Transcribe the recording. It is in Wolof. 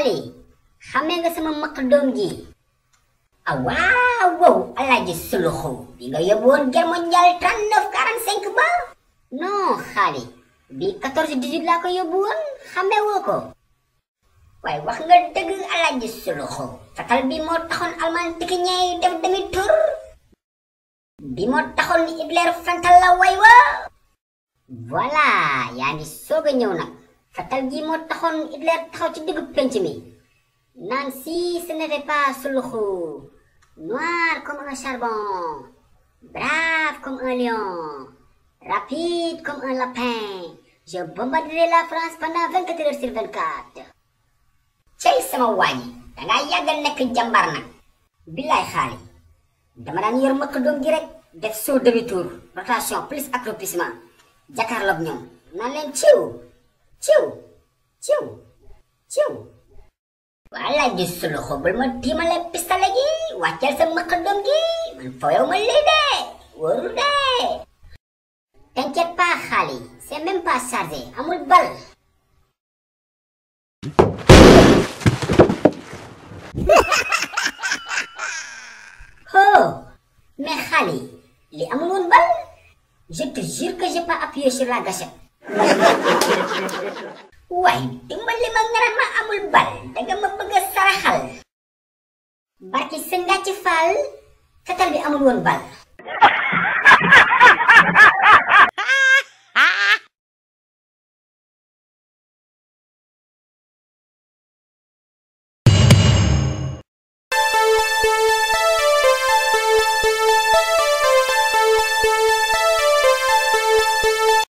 Ali xamé nga sama maq doom ji ah waaw wow alaaji suluxu bi nga yebon guerre mondiale 39 45 ba non xali. bi 14 18 la ko yebon, xamé woko. Way wax nga dëgg alaaji suluxu fetal bi mo taxone Alman tiki yi def demi tour bi mo taxone Hitler fental la way wa voilà yani ngi soog a ñëw fatal gi mo taxone hitler taxaw ci digu penc mi nan si ce n'était pas sulhu noir comme un charbon brave comme un lion rapide comme un lapin je bombarderai la france pendant 24 heures sur 24 cey sama wañi da nga yagal nek jambar nak bilay khali dama dan yor mak dom gi rek def so demi tour rotation plus accroupissement jakarlok ñom nan len ciw ciu, ciu, ciu. Wala di khobul mati mala pista lagi, wajar sama kedom ki, man foyo mali de, wur de. T'inquiète Khali, c'est même pas amul bal. Ho, mais Khali, li amul bal, je te jure que j'ai la Wai, ting malimang rama amul bal, dengan mabaga sarahal. Barki sengga cifal, katalbi amul bal.